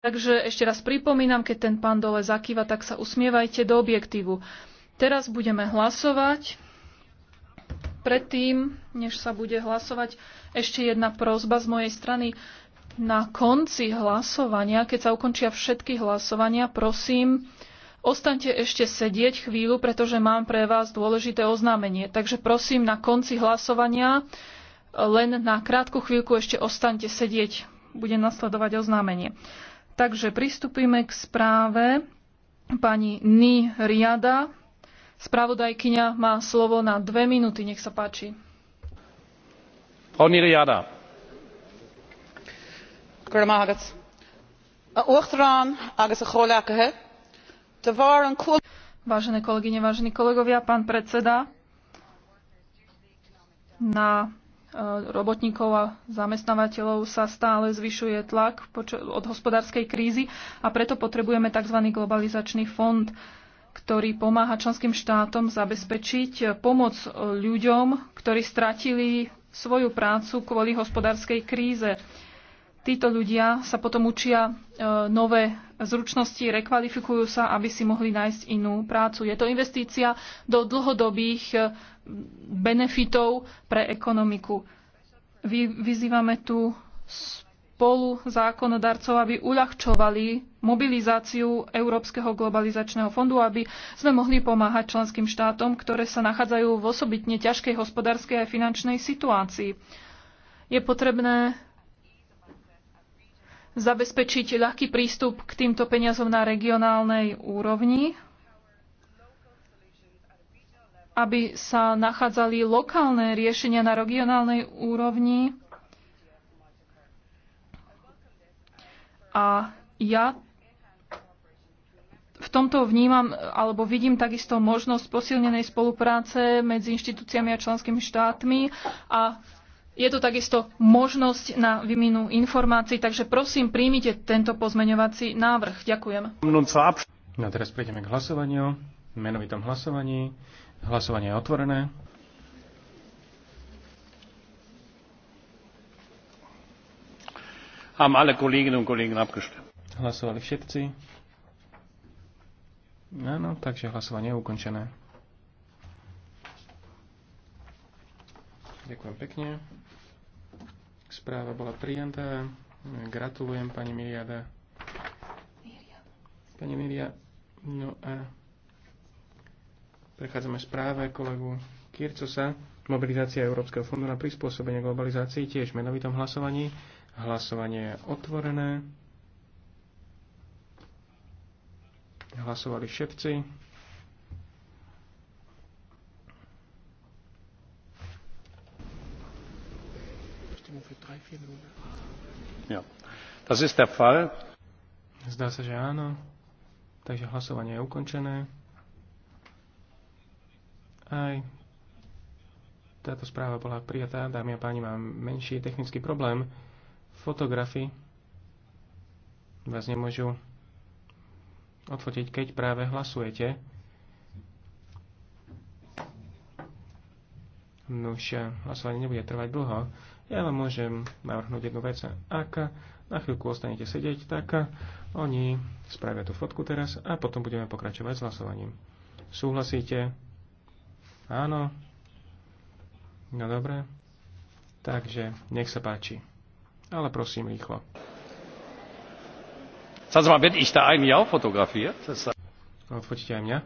Takže ešte raz pripomínam, keď ten pán dole zakýva, tak sa usmievajte do objektívu. Teraz budeme hlasovať. Predtým, než sa bude hlasovať, ešte jedna prozba z mojej strany. Na konci hlasovania, keď sa ukončia všetky hlasovania, prosím, ostaňte ešte sedieť chvíľu, pretože mám pre vás dôležité oznámenie. Takže prosím, na konci hlasovania len na krátku chvíľku ešte ostaňte sedieť. Bude nasledovať oznámenie. Takže pristúpime k správe pani Ni Riada. Spravodajkyňa má slovo na dve minúty. Nech sa páči. Pani Riada. Er Vážené kolegyne, vážení kolegovia, pán predseda, na Eh, robotníkov a zamestnávateľov sa stále zvyšuje tlak od hospodárskej krízy a preto potrebujeme tzv. globalizačný fond, ktorý pomáha členským štátom zabezpečiť eh, pomoc eh, ľuďom, ktorí stratili svoju prácu kvôli hospodárskej kríze. Títo ľudia sa potom učia nové zručnosti, rekvalifikujú sa, aby si mohli nájsť inú prácu. Je to investícia do dlhodobých benefitov pre ekonomiku. Vy, vyzývame tu spolu zákonodarcov, aby uľahčovali mobilizáciu Európskeho globalizačného fondu, aby sme mohli pomáhať členským štátom, ktoré sa nachádzajú v osobitne ťažkej hospodárskej a finančnej situácii. Je potrebné zabezpečiť ľahký prístup k týmto peniazom na regionálnej úrovni aby sa nachádzali lokálne riešenia na regionálnej úrovni. A ja v tomto vnímam alebo vidím takisto možnosť posilnenej spolupráce medzi inštitúciami a členskými štátmi a je to takisto možnosť na výminu informácií, takže prosím, príjmite tento pozmeňovací návrh. Ďakujem. No teraz prejdeme k hlasovaniu, menovitom hlasovaní. Hlasovanie je otvorené. Haben alle Kolleginnen und Kollegen abgestimmt. Hlasovali všetci. Áno, takže hlasovanie je ukončené. Ďakujem pekne. Správa bola prijatá. Gratulujem pani Miriada. Pani Miria, no a Prechádzame správe kolegu Kircosa. Mobilizácia Európskeho fondu na prispôsobenie globalizácii tiež v menovitom hlasovaní. Hlasovanie je otvorené. Hlasovali všetci. Ja. Zdá sa, že áno. Takže hlasovanie je ukončené. Aj táto správa bola prijatá. Dámy a páni, mám menší technický problém. Fotografy vás nemôžu odfotiť, keď práve hlasujete. Nuž, hlasovanie nebude trvať dlho. Ja vám môžem navrhnúť jednu vec. Ak na chvíľku ostanete sedieť, tak oni spravia tú fotku teraz a potom budeme pokračovať s hlasovaním. Súhlasíte? Áno. No dobre. Takže, nech sa páči. Ale prosím rýchlo. Sag mal, bin ich da eigentlich auch fotografiert? Odfotíte aj mňa?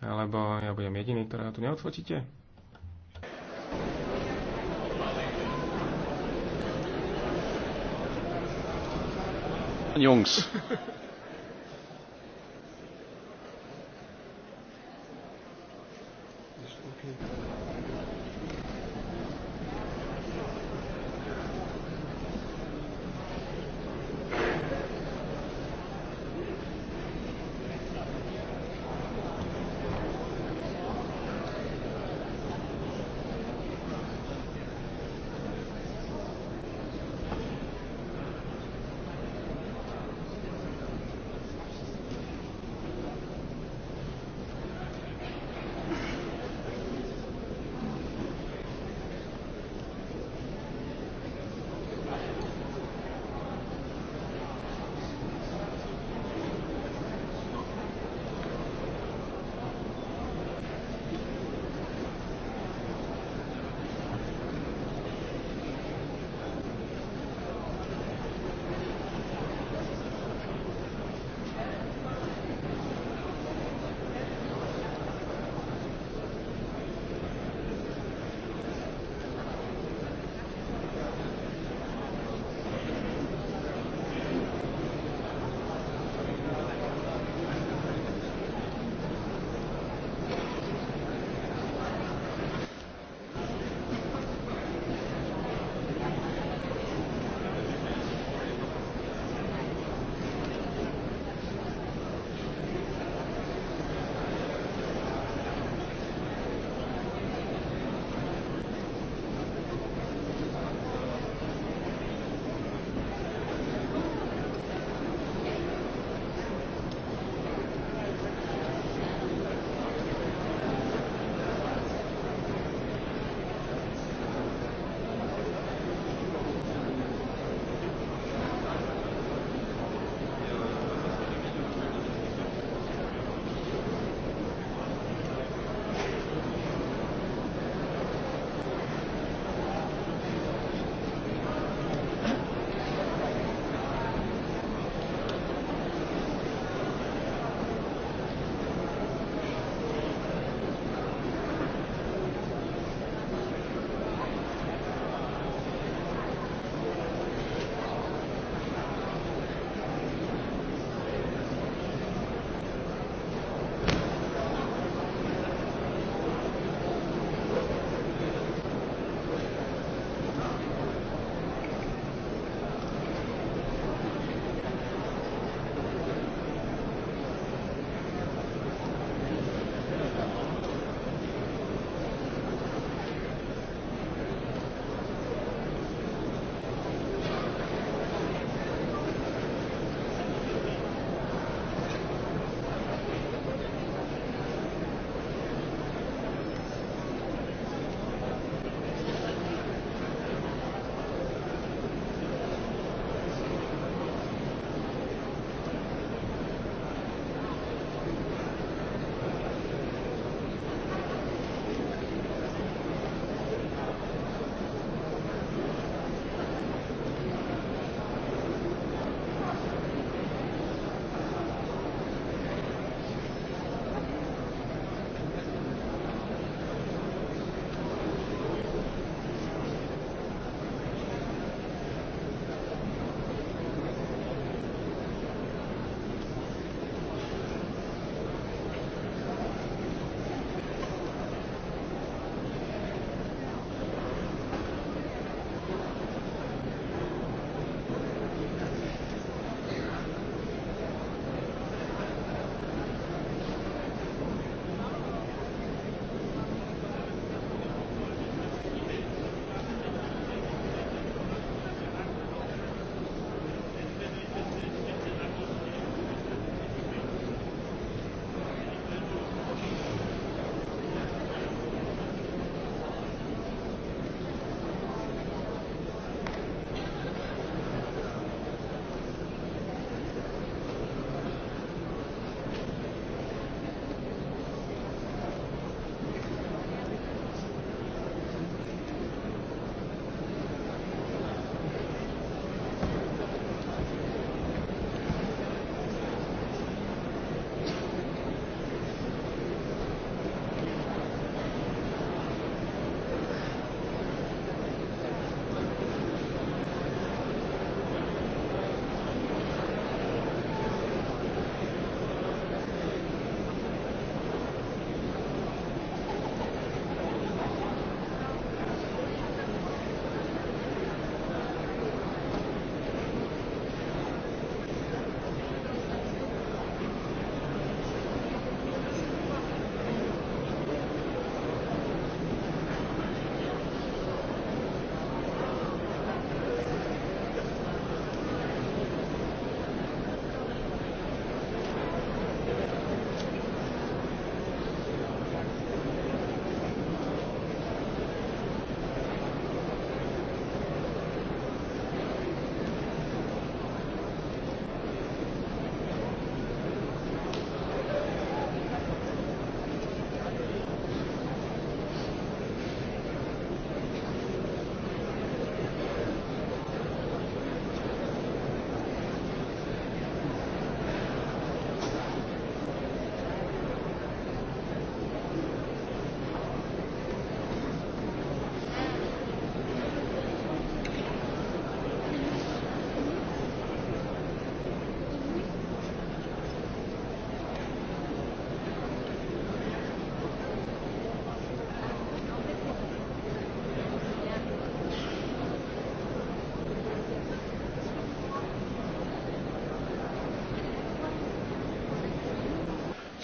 Alebo ja budem jediný, ktorého tu neodfotíte? Jungs.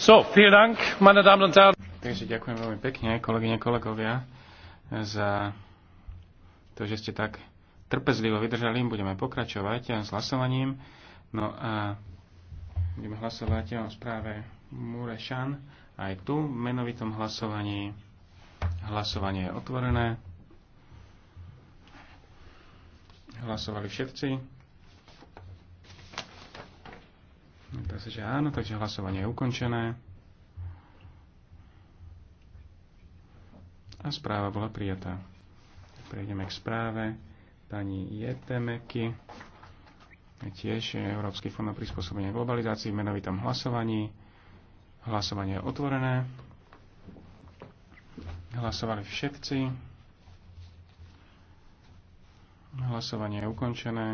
So, vielen Dank, meine Damen und Herren. Takže ďakujem veľmi pekne, kolegyne, kolegovia, za to, že ste tak trpezlivo vydržali. Budeme pokračovať s hlasovaním. No a budeme hlasovať o správe Murešan. Aj tu v menovitom hlasovaní hlasovanie je otvorené. Hlasovali všetci. Takže no, že áno, takže hlasovanie je ukončené. A správa bola prijatá. Prejdeme k správe pani Jetemeky. Tiež je Európsky fond na prispôsobenie globalizácii v menovitom hlasovaní. Hlasovanie je otvorené. Hlasovali všetci. Hlasovanie je ukončené.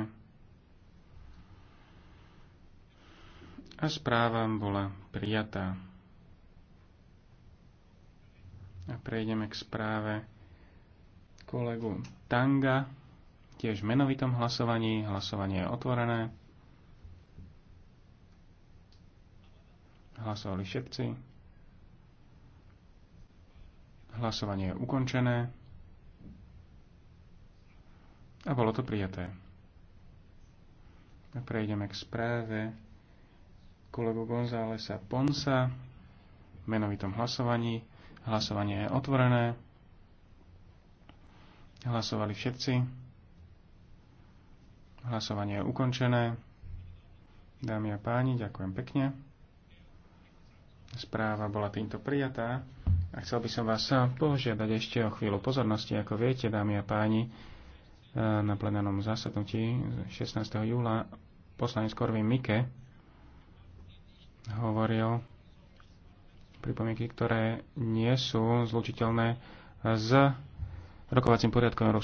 a správa bola prijatá. A prejdeme k správe kolegu Tanga, tiež v menovitom hlasovaní. Hlasovanie je otvorené. Hlasovali všetci. Hlasovanie je ukončené. A bolo to prijaté. A prejdeme k správe kolegu Gonzálesa Ponsa v menovitom hlasovaní. Hlasovanie je otvorené. Hlasovali všetci. Hlasovanie je ukončené. Dámy a páni, ďakujem pekne. Správa bola týmto prijatá. A chcel by som vás požiadať ešte o chvíľu pozornosti. Ako viete, dámy a páni, na plenárnom zasadnutí 16. júla poslanec Korvin Mike hovoril pripomienky, ktoré nie sú zlučiteľné s rokovacím poriadkom